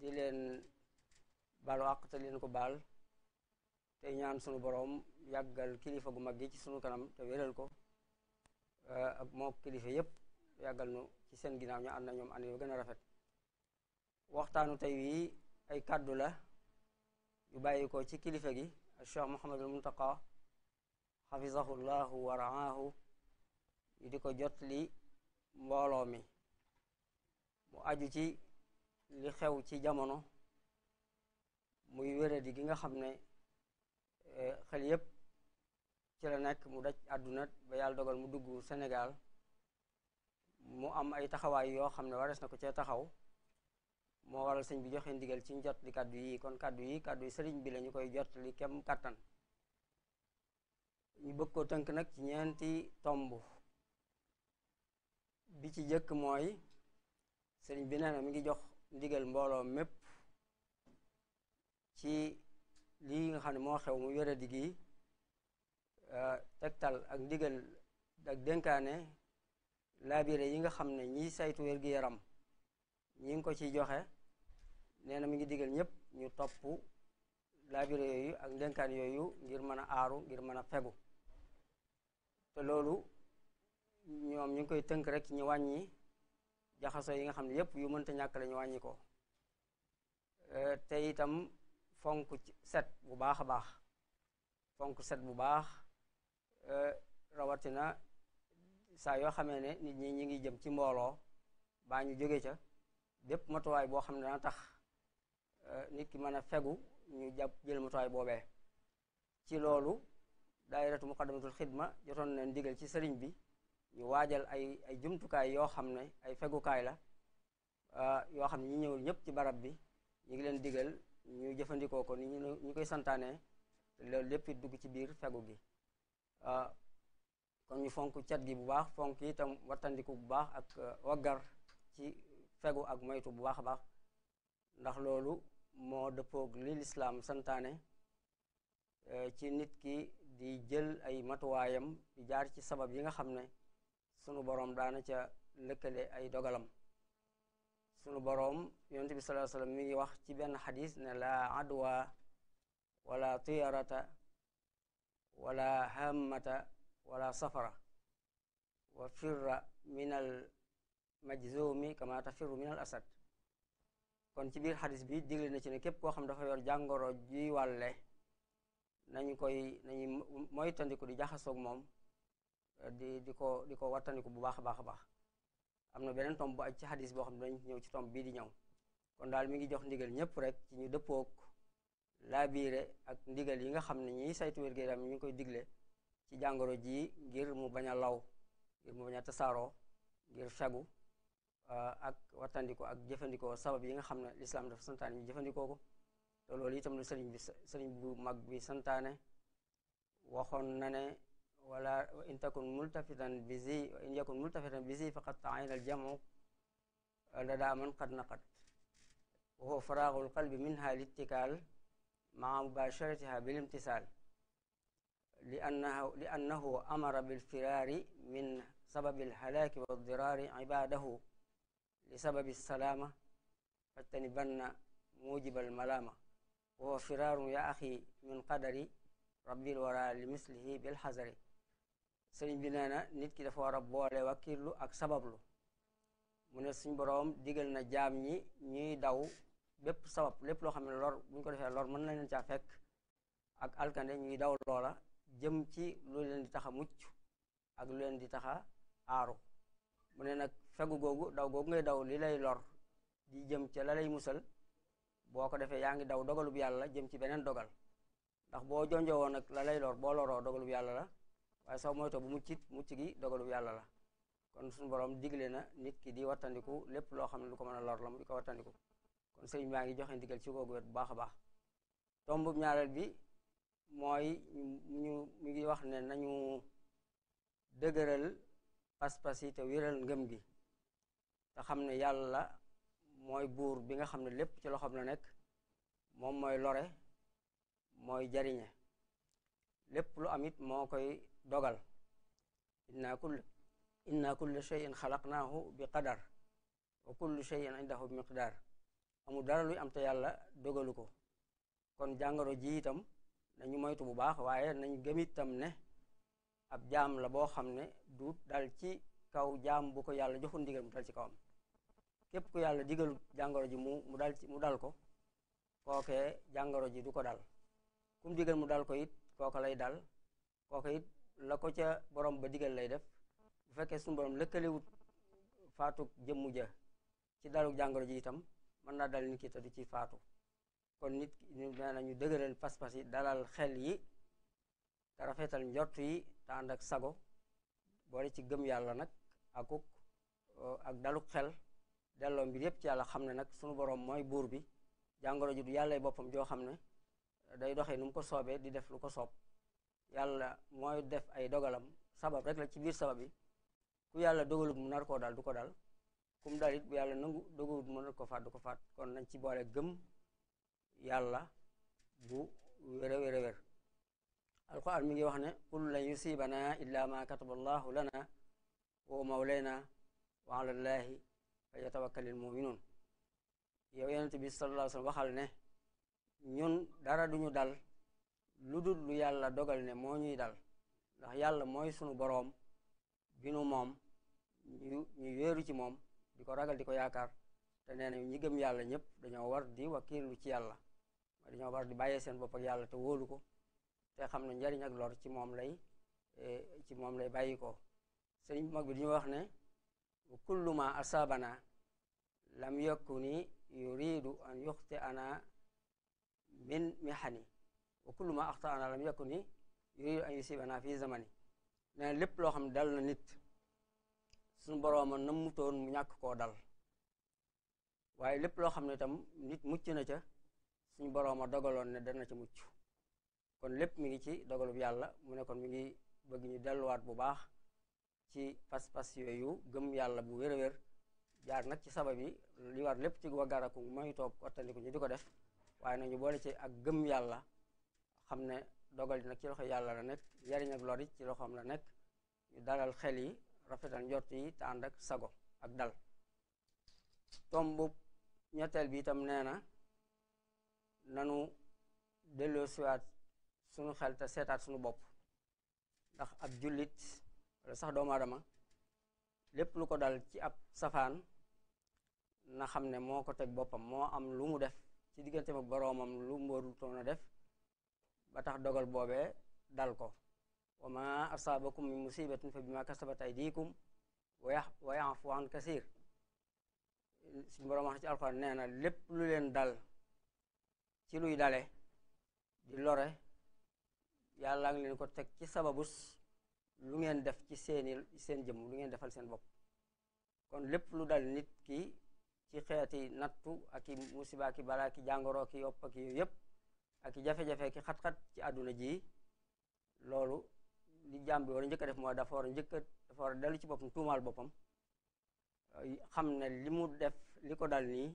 di leen balu àq te leen ko baal tey ñaan sunu boroom yàggal kilifa gu mag gi ci sunu kanam te wéral ko eh, ak moo kilifa yépp yàggal nu ci seen ginnaaw ñu ànd na ñoom ànd yoo gën a rafet waxtaanu tey wii ay kàddu la yu bàyyi ko ci kilifa gi ak Cheikh Mouhamadul Muntaqa xafizahu llahu wa raahu di ko jot li mbooloo mi mu aju ci li xew ci jamono muy wéradi gi nga xam ne e, xel yépp ci la nekk mu daj àdduna ba yàlla dogal mu dugg Sénégal mu am ay taxawaay yoo xam ne warees na ko cee taxaw moo waral sëñ bi joxe ndigal ci jot li kàddu yi yi kàddu yi sëriñ bi la ñu koy jot li kem kàttan ñu bëgg ko tënk nag ci ñeenti tomb bi ci jëkk mooy sëriñ bi nee na mi ngi jox ndigal mbooloom mépp ci lii nga xam ne moo xew mu yore digi euh, tegtal ak ndigal ak dénkaane laabire yi nga xam ne ñiy saytu wér-gi-yaram ñi ngi ko ciy joxe nee na mi ngi digal ñëpp ñu topp laabire yooyu ak dénkaan yooyu ngir mën a aaru ngir mën a fegu te loolu ñoom ñu ngi koy tënk rek ci ñu wàññi jaxaso yi nga xam ne yépp yu mënta ñàkk la ñu wàññi ko euh, te itam fonk set bu baax a baax fonk set bu baax euh, rawatina saa yoo xamee ne nit ñi ñi ngi jëm ci mbooloo baa ñu jóge ca bépp matuwaay boo xam ne dana tax euh, nit ki mën a fegu ñu jàpp jël matuwaay boobee ci loolu daayiratu muqaddamatul xidma jotoon na ndigal ci sëriñ bi ñu waajal ay ay jumtukaay yoo xam ne ay fegukaay la ah, yoo xam ne ñi ñëwul ñëpp ci barab bi ñu ngi leen digal ñu jëfandikoo ko ni ñu koy santaane loolu lépp dugg ci biir fegu gi ah, kon ñu fonk cat gi bu baax fonk itam wattandiku bu baax ak ah, waggar ci fegu ak moytu bu baax a baax ndax loolu moo dëppoog li lislaam santaane ci nit ki di jël ay matuwaayam di jaar ci sabab yi nga xam ne sunu boroom daana ca lëkkale ay dogalam sunu boroom yonent bi sallallahu alayhi mi ngi wax ci benn xadis ne laa adwa wala tiyarata wala hammata wala safara wa firra min al majzumi kama tafirru min al asad kon ci biir xadis bi digle na ci ne képp koo xam dafa yor jàngoro juy wàlle nañu koy nañu moytandiku di jaxasoog moom di ko di ko wattandiku bu baax a baax a baax am na beneen tomb bu aj ci xadis boo xam ne dañ ñëw ci tomb bii di ñëw kon daal mi ngi jox ndigal ñëpp rek ci ñu dëppook laa ak ndigal yi nga xam ne ñi saytu wér-gu-yaram ngi koy digle ci jàngoro ji ngir mu bañ a law ngir mu bañ a ngir fagu ah, ak wattandiku ak jëfandikoo sabab yi nga xam ne lislaam dafa santaane ñu jëfandikoo ko loolu itam la sëriñ bi sëriñ bu mag bi santaane waxoon na ne wala in takun multafitan bizi in yakun multafitan bizi faqad ta'ayna al-jam'u lada man qad naqad wa huwa faraghu al-qalbi minha littikal ma'a mubasharatiha bil-imtisal li'annahu li'annahu amara bil-firari min sababi al-halaki wad-dirari ibadahu li sababi as-salama fajtanibanna mujib al-malama wa huwa firarun ya akhi min qadari rabbil wara li mislihi bil hazari sëriñ bi nee na nit ki dafa war a boole wakiirlu ak sabablu mu ne suñ boroom digal na jaam ñi ñuy daw bépp sabab lépp loo xam ne lor bu ñu ko defee lor mën na leen caa fekk ak alkande ñuy daw loola jëm ci lu leen di tax a ak lu leen di tax aaru mu ne nag fegu googu ngay daw li lay lor di jëm ca la lay musal boo ko defee yaa ngi daw dogalub yàlla la jëm ci beneen dogal ndax boo jonjoo woon nag la lay lor boo loroo dogalub yàlla la waaye soo moytoo bu muccit mucc gi dogalu yàlla la kon suñu boroom digle na nit ki di wattandiku lépp loo xam ne lu ko mën a lor la mu di ko wattandiku kon sëriñ baa ngi joxe ndigal ci googu wet bu baax a baax tomb ñaareel bi mooy ñu mu ngi wax ne nañu dëgëral pas-pas yi te wéral ngëm gi te xam ne yàlla mooy buur bi nga xam ne lépp ci loxoom la nekk moom mooy lore mooy jariñe lépp lu am moo koy dogal inna kull inna kulla shay'in xalaqnaahu bi qadar wa kullu shay'in indahu bi miqdar amul dara luy am te yàlla dogalu ko kon jàngoro ji itam nañu moytu bu baax waaye nañ gëm itam ne ab jaam la boo xam ne du dal ci kaw jaam bu ko yàlla joxul ndigal mu dal ci kawam képp ku yàlla digal jàngoro ji mu mu dal mu dal ko kookee jàngoro ji du ko dal kum digal mu dal ko it kooka lay dal kooka it la ko ca borom ba digal lay def bu fekkee suñu borom lëkkalewut faatu jëmmu ja ci daluk jàngoro ji itam mën naa dal nit ki te du ci faatu kon nit nee na ñu dëgëral pas-pas yi dalal xel yi te rafetal njort yi te ànd ak sago boole ci gëm yàlla nag akuk ak eh, dalu xel delloo mbir yëpp ci yàlla xam ne nag sunu borom mooy buur bi jàngoro ju du yàllay boppam joo xam ne day doxe nu mu ko soobee di def lu ko soob yàlla mooy def ay dogalam sabab rek la ci biir sabab yi ku yàlla dogalut mu nar koo dal du ko dal kum dal bu yàlla nangu dogalut mu nar ko faat du ko faat kon nañ ci boole gëm yàlla bu wére wére wér alquran mi ngi wax ne qul lan yusibana illa ma kataba allahu lana wa mawlayna wa ala llahi falyatawakkalil muminun yow yonent bi sallallahu waxal ne ñun dara duñu dal lu dul lu yàlla dogal ne moo ñuy dal ndax yàlla mooy sunu boroom bi nu moom ñu ñu wéeru ci moom di ko ragal di ko yaakaar te nee na ñi gëm yàlla ñëpp dañoo war di wakiilu ci yàlla dañoo war di bàyyee seen bopp ak yàlla te wóolu ko te xam ne njariñ ak lor ci moom lay eh, ci moom lay bàyyi ko sëriñ mag bi dañu wax ne kullu ma asaabana lam yakuni yuridu an yuxti ana min mihani wa kullu ma axtaana lam yakuni yuridu an yusibana fi zamani nee lépp loo xam ne dal na nit suñu borooma namutoon mu ñàkk koo dal waaye lépp loo xam ne itam nit mucc na ca suñu borooma dogaloon ne dana ca mucc kon lépp mu ngi ci dogalub yàlla mu ne kon mi ngi bëgg ñu delluwaat bu baax ci pas-pas yooyu gëm yàlla bu wér-wér jaar nag ci sabab yi li war lépp ci waggaraku moy toog wattandiku ñu di ko def waaye nañu boole ci ak gëm yàlla xam ne dogal di nag ci loxo yàlla la nekk yariñ ak lor ci loxoom la nekk ñu dalal xel yi rafetal njort yi te ànd ak sago ak dal tomb ñetteel bi itam nee na nanu delloosiwaat sunu xel te seetaat sunu bopp ndax ab jullit wala sax doomu aadama lépp lu ko dal ci ab safaan na xam ne moo ko teg boppam moo am lu mu def ci diggante ak boroomam lu mu warutoon def ba tax dogal boobee dal ko wa ma asaabakum min musibatin fa bima kasabat aydikum wa yafu an kasir suñu boroom wax na ci alxuraan nee na lépp lu leen dal ci luy dale di lore yàlla ngi leen ko teg ci sababus lu ngeen def ci seeni seen jëm lu ngeen defal seen bopp kon lépp lu dal nit ki ci xeeti nattu ak i musiba ki balaa ki jàngoro ki yopp ak yooyu yépp ak i jafe-jafe ki xat-xat ci àdduna ji loolu li jaam bi njëkk def mooy dafa war njëkk a dafa war a dellu ci boppam tuumaal boppam xam ne li mu def li ko dal nii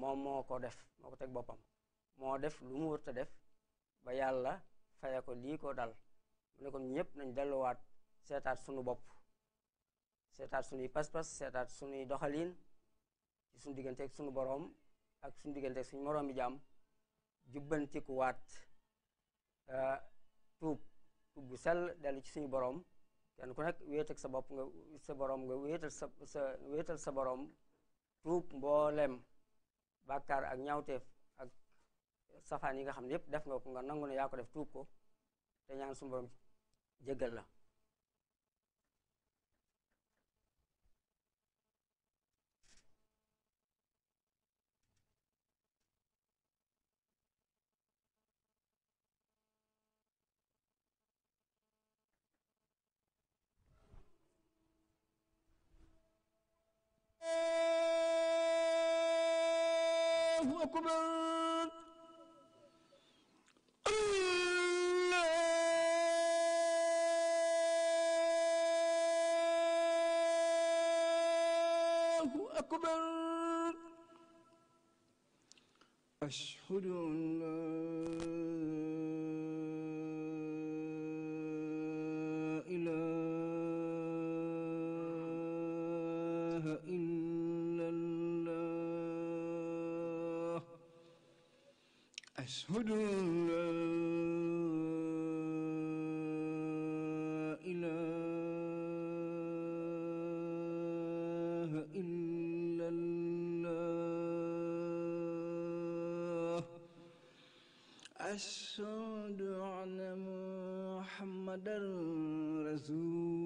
moom moo ko def moo ko teg boppam moo def lu mu wërta def ba yàlla faye ko lii ko dal ne kon ñëpp nañ delluwaat seetaat sunu bopp seetaat sunuy pas-pas seetaat sunuy doxaliin ci sunu digganteeg sunu boroom ak sunu digganteeg suñu moroomi jaam jubbantikuwaat ah, tuub tuub bu sell dellu ci suñu boroom kenn ku nekk wéetal sa bopp nga sa boroom nga wéetal sa sa boroom tuub mboolem bàkkaar ak ñaawteef ak safaan yi nga xam ne yépp def nga ko nga nangu ne yaa ko def tuub ko te ñaan suñu boroom jéggal la أكبر أكبر أشهد أن لا إله إلا واشهدوا لا اله الا الله اشهد ان محمدا رسول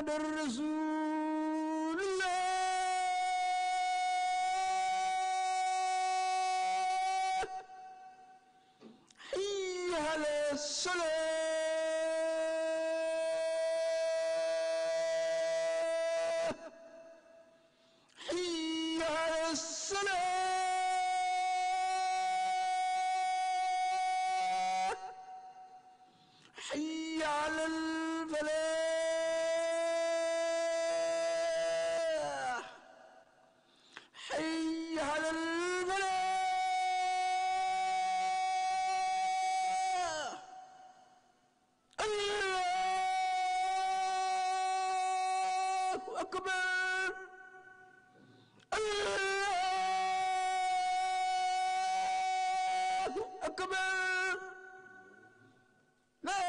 محمد الرسول أكبر الله أكبر لا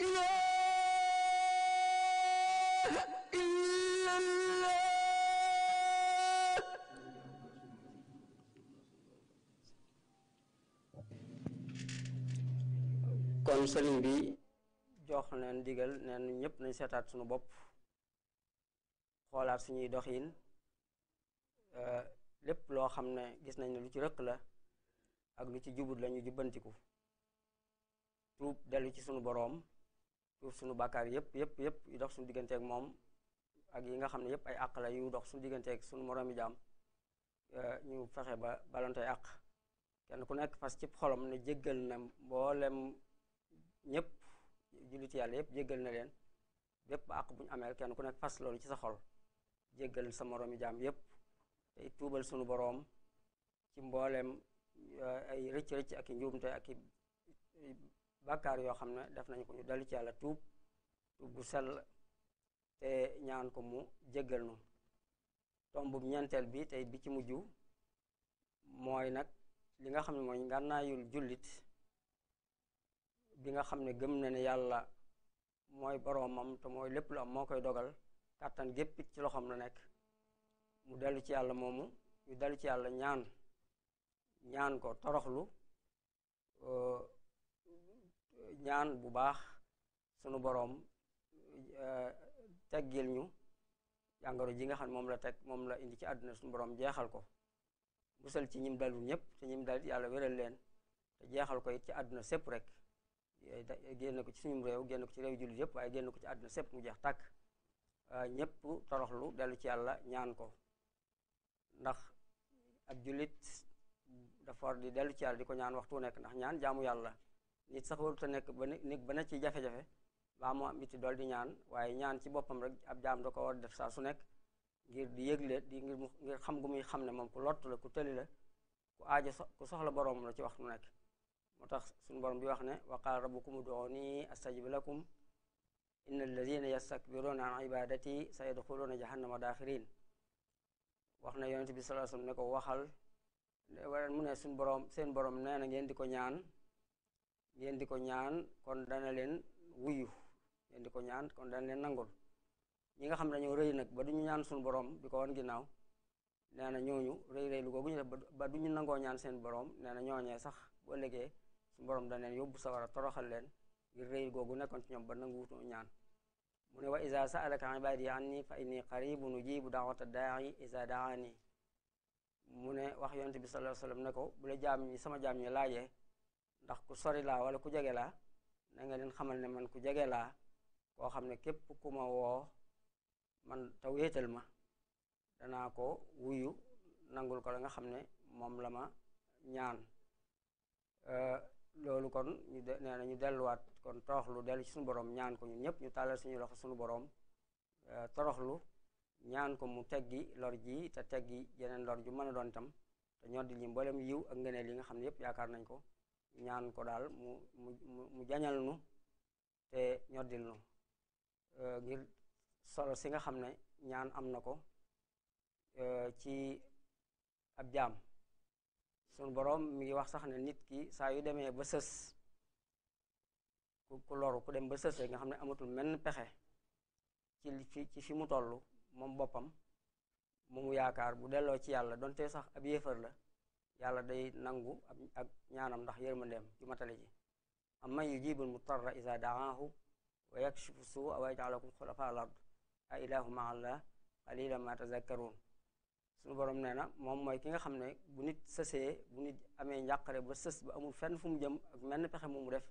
إله إلا الله كون سليم بي jox neen digal neen ñépp nañ seetaat suñu bopp xoolaat suñuy doxin euh, lépp loo xam ne gis nañ ne lu ci rëq la ak lu ci jubut la ñu jubbantiku tuub dellu ci suñu boroom tuub sunu bàkkaar yépp yépp yépp yu dox suñu digganteek moom ak yi nga xam ne yépp ay àq la yu dox sunu digganteeg suñu moroomi jaam euh, ñu fexe ba balonte àq kenn ku nekk fas ci xolom ne jéggal na mboolem ñépp julliti yàlla yépp jéggal na leen bépp àq bu ñu amee kenn ku nekk fas loolu ci sa xol jéggal sa moroomi jaam yépp tey tuubal sunu boroom ci mbooleem eh, ay rëcc rëcc ak i njuumte ak i bàkkaar yoo xam ne def nañu ko ñu dellu ci yàlla tuub tuub gu sell te ñaan ko mu jéggal nu tomb ñeenteel bi tey bi ci mujj mooy nag li nga xam ne mooy ngànnaayul jullit bi nga xam ne gëm na ne yàlla mooy boroomam te mooy lépp lu am moo koy dogal kàttan gépp ci loxoom la nekk mu dellu ci yàlla moomu ñu dellu ci yàlla ñaan ñaan ko toroxlu euh, ñaan bu baax sunu boroom euh, teggil ñu jàngoro ji nga xam ne moom la teg moom la indi ci àdduna suñu boroom jeexal ko mu musal ci ñim dalul ñëpp te ñim dalit yàlla wéral leen te jeexal ko it ci àdduna sépp rek génn ko ci suñu réew génn ko ci réew jullit yëpp waaye génn ko ci àdduna sépp mu jeex tàkk ah, ñépp toroxlu dellu ci yàlla ñaan ko ndax ab jullit dafa war di dellu ci yàlla di ko ñaan waxtu nekk ndax ñaan jaamu yàlla nit sax warut a nekk ba nekk ba nekk ci jafe-jafe baa mu am itti dool di ñaan waaye ñaan ci boppam rek ab jaam da ko war def saa su nekk ngir di yëgle di ngir ngir xam gu muy xam ne moom ku lott la ku tëli la ku aajo ku soxla boroom la ci waxtu nekk moo tax suñ borom bi wax ne wa qaala rabbukum ud'uuni astajib lakum inna alladina yastakbiruuna an ibadati sayadxuluuna jahannama daaxirin wax na yonent bi sallallahu alayhi wasallam ne ko waxal wala mu ne suñu borom seen borom nee na ngeen di ko ñaan ngeen di ko ñaan kon dana leen wuyu ngeen di ko ñaan kon dana leen nangul ñi nga xam ne dañoo rëy nag ba duñu ñaan suñu borom di ko wan ginnaaw nee na ñooñu rëy rëy lu googu ñu def ba ñu nangoo ñaan seen borom nee na ñooñee sax boo ëllëgee suñu borom dañ leen yóbbu sawara toroxal leen ngir réy googu nekkoon ci ñoom ba nangu wutu ñaan mu ne wa iza sa'alaka ibadi anni fa nu qaribun ujibu da'wata da'i iza da'ani mu ne wax yonent bi sallallahu alayhi wasallam ko bu la jaam sama jaam ñi laajee ndax ku sori wala ku jege la na nga leen xamal ne man ku jege la koo xam ne képp ku ma woo man te wéetal ma danaa ko wuyu nangul ko la nga xam ne moom la ma ñaan euh, loolu kon ñu de nee na ñu delluwaat kon toroxlu dellu ci suñu boroom ñaan ko ñun ñëpp ñu tàllal suñu loxo suñu borom euh, toroxlu ñaan ko mu teggi lor ji te teggi jeneen lor ju mën a doon itam te ñoo di ñu mboolem yiw ak ngëneel yi nga xam ne yëpp yaakaar nañ ko ñaan ko daal mu mu mu jañal nu te ñoddil nu euh, ngir solo si nga xam ne ñaan am na ko euh, ci ab jaam sunu boroom mi ngi wax sax ne nit ki saa yu demee ba sës ku loru ku dem ba sës rek nga xam ne amatul menn pexe ci fi ci fi mu toll moom boppam mu mu yaakaar bu delloo ci yàlla te sax ab yéefar la yàlla day nangu ak ñaanam ndax yërmandeem ju matale ji amman a mutarra iza daahu wa yakshifu suu wa yajalakum xulafa al ard a ilahu ma allah qalila ma tazakkarun suñu borom nee na moom mooy ki nga xam ne bu nit sësee bu nit amee njàqare ba sës ba amul fenn fu mu jëm ak menn pexe mu mu def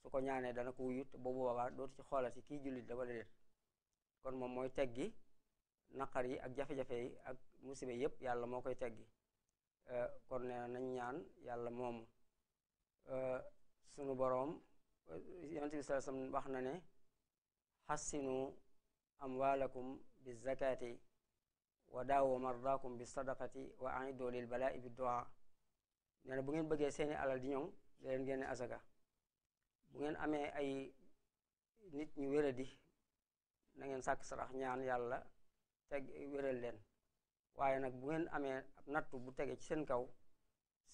su ko ñaanee dana ko wuyut boobu boobaa dootu ci xoolati kii jullit la wala kon moom mooy teggi naqar yi ak jafe-jafe ak musibe yépp yàlla moo koy teggi euh, kon nee nañ ñaan yàlla moomu euh, sunu boroom euh, yonent wax na ne xassinu amwaalakum bi zakaati waa daawu mardaakum bi sadaqati wa aidu lil balaa bi duaa nee bu ngeen bëggee seeni alal di ñëw da leen génne asaka bu ngeen amee ay nit ñu wéradi na ngeen sàkk sarax ñaan yàlla teg wéral leen waaye nag bu ngeen amee ab nattu bu tege ci seen kaw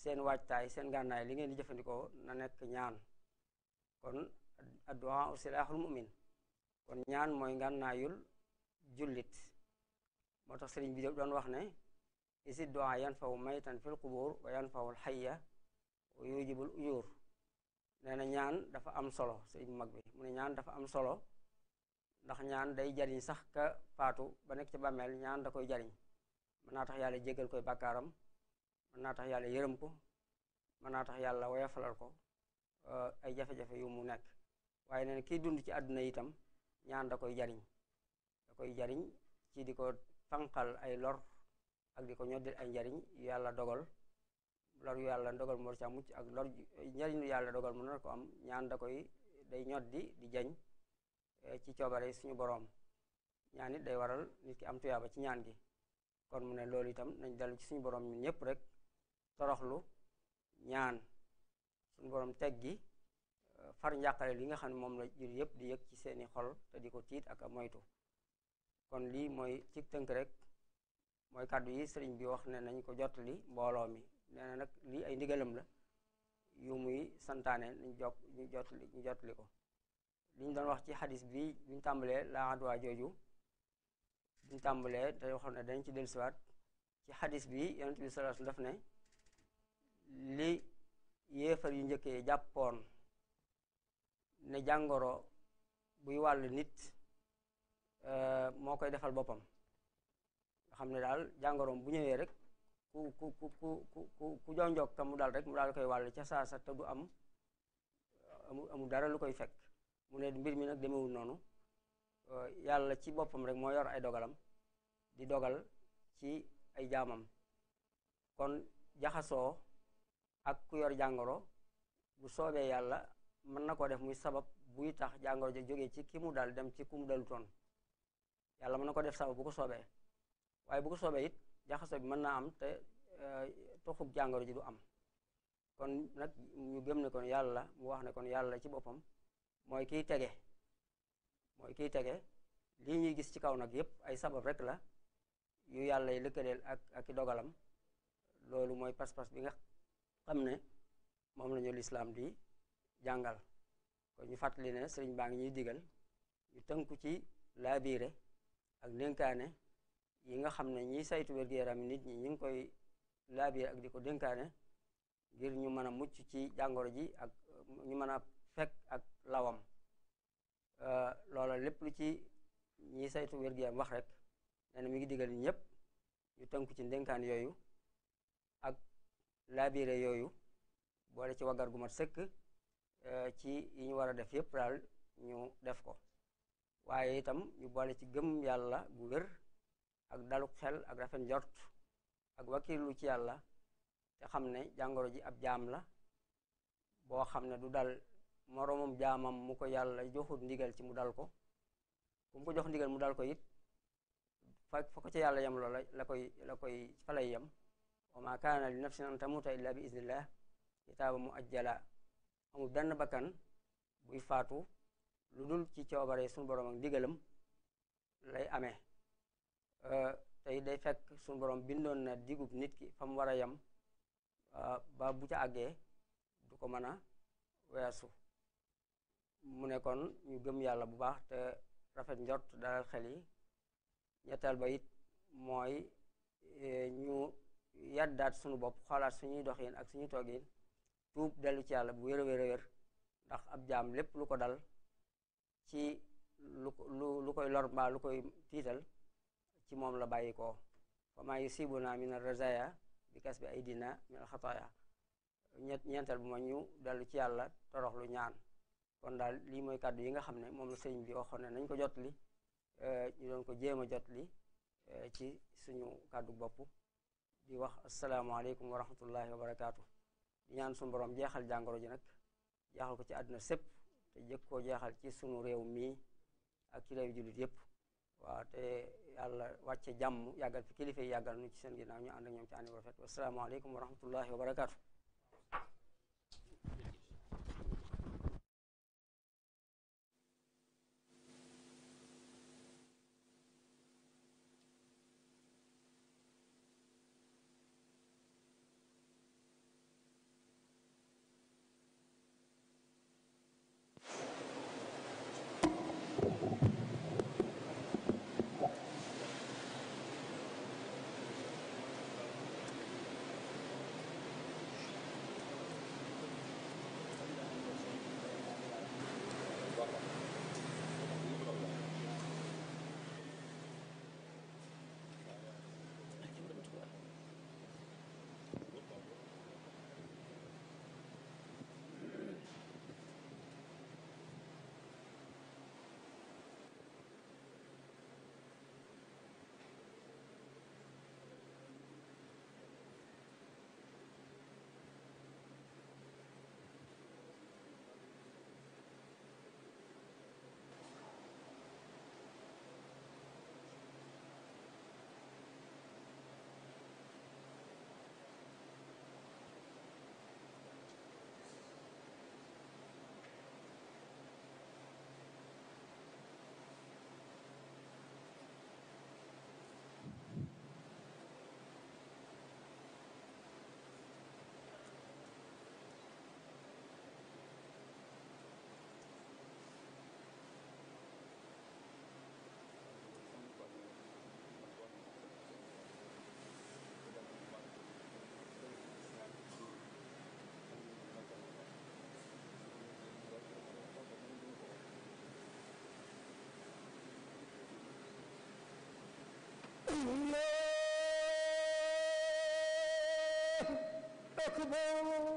seen waajtaay seen gànnaay li ngeen di jëfandikoo na nekk ñaan kon addu'a silaaxul mu'min kon ñaan mooy ngànnaayul jullit moo tax sëriñ bi doon wax ne isi doa yan fawu maytan fil qubur wa yan fawul xayya wa yujibul uyur nee na ñaan dafa am solo sëriñ mag bi mu ne ñaan dafa am solo ndax ñaan day jariñ sax ka faatu ba nekk ci bàmmeel ñaan da koy jariñ mën naa tax yàlla jéggal koy bàkkaaram naa tax yàlla yërëm ko mën naa tax yàlla woyofalal ko uh, ay jafe-jafe yu mu nekk waaye nee na kiy dund ci àdduna itam ñaan da koy jariñ da koy jariñ ci di ko fanqal ay lor ak di ko ñoddil ay njariñ yàlla dogal lor yu yàlla dogal mu war mucc ak lor njariñ yu yàlla dogal mu nar ko am ñaan da koy day ñoddi di jañ eh, ci coobare suñu boroom ñaan it day waral nit ki am tuyaaba ci ñaan gi kon mu ne loolu itam nañ dellu ci suñu boroom ñun ñëpp rek toroxlu ñaan suñu boroom teggi eh, far njàqare li nga xam ne moom la jur yëpp di yëg ci seeni xol te di ko tiit ak a moytu kon lii mooy ci tënk rek mooy kàddu yi sëriñ bi wax ne nañ ko jottali mbooloo mi nee nag lii ay ndigalam la yu muy santaane ñu jokk ñu jottali ko liñ doon wax ci xadis bi buñ tàmbalee laa adwa jooju ñu tàmbalee te waxoon ne dañ ci dellusiwaat ci xadis bi yonent bi sallallahu alayhi wasallam daf ne li yéefar yu njëkkee jàppoon ne jàngoro buy wàll nit Euh, moo koy defal boppam nga xam ne daal jàngoroom bu ñëwee rek ku ku ku ku ku ku jonjoog ka mu daal rek mu daal koy wàll ca saasa te du am euh, amul dara lu koy fekk mu ne mbir mi nag demewul noonu euh, yàlla ci boppam rek moo yor ay dogalam di dogal ci ay jaamam kon jaxasoo ak ku yor jàngoro bu soobee yàlla mën na ko def muy sabab buy tax jàngoro ja jóge ci ki mu dal dem ci ku mu dalutoon yàlla mën na ko def sabab bu ko soobee waaye bu ko soobee it jaxasoo bi mën naa am te eh, toxub jàngoro ji du am kon nag ñu gëm ne kon yàlla mu wax ne kon yàlla ci boppam mooy kii tege mooy kiy tege lii ñuy gis ci kaw nag yëpp ay sabab rek la yu yàlla yi lëkkaleel ak ak dogalam loolu mooy pas-pas bi nga xam ne moom la ñu lislaam di jàngal kon ñu fàttali ne sëriñ baa ngi ñuy digal ñu tënku ci biire ak dénkaane yi nga xam ne ñiy saytu wér yaram nit ñi ñu ngi koy laabiir ak di ko dénkaane ngir ñu mën a mucc ci jàngoro ji ak ñu mën a fekk ak lawam euh, loola lépp lu ci ñiy saytu wér-gu-yaram wax rek nee na mi ngi digal ñëpp ñu tënku ci ndénkaan yooyu ak laabire yooyu boole ci waggar gu mat sëkk euh, ci yi ñu war a def yépp daal ñu def ko waaye itam yu boole ci gëm yàlla gu wër ak daluk xel ak rafet njort ak wakilu ci yàlla te xam ne jàngoro ji ab jaam la boo xam ne du dal moroomum jaamam mu ko yàlla joxut ndigal ci mu dal ko ku mu ko jox ndigal mu dal ko yit fa ko ci yàlla yem loola la koy la koy fa yem wa ma kaana li nafsin an tamuta illa bi iznillah kitaaba mu ajjala amul benn bakkan buy faatu lu dul ci coobare suñu borom ak digalam lay amee euh, tey day fekk suñu borom bindoon na digub nit ki fa mu war a yem euh, ba bu ca àggee du ko mën a weesu mu nekkoon ñu gëm yàlla bu baax te rafet njort dalal xel yi ñetteel ba it mooy euh, ñu yaddaat suñu bopp xoolaat suñuy doxin ak suñuy toogin tuub dellu ci yàlla bu wér a wér ndax ab jaam lépp lu ko dal ci lu lu koy lor lu koy tiital ci moom la bàyyi ko fa maa yusibuna min ar-razaya bi kasbi aydina min al-xataaya ñett ñeenteel bu ma ñu dellu ci yàlla torox lu ñaan kon daal lii mooy kàddu yi nga xam ne moom la sëriñ bi waxoon ne nañ ko jotli euh, ñu doon ko jéem a jotli euh, ci suñu kàddu bopp di wax asalaamaaleykum wa rahmatullahi wa barakaatu di ñaan suñu borom jeexal jàngoro ji nag jeexal ko ci àdduna sépp te koo jaaxal ci sunu réew mi ak ci réew jullit yépp waaw te yàlla wàcce jàmm yàggal fi kilifa yi yàggal nu ci seen ginnaaw ñu ànd ak ñoom ci ànd bu rafet wasalaamaaleykum wa rahmatullahi wa barakaatu الله أكبر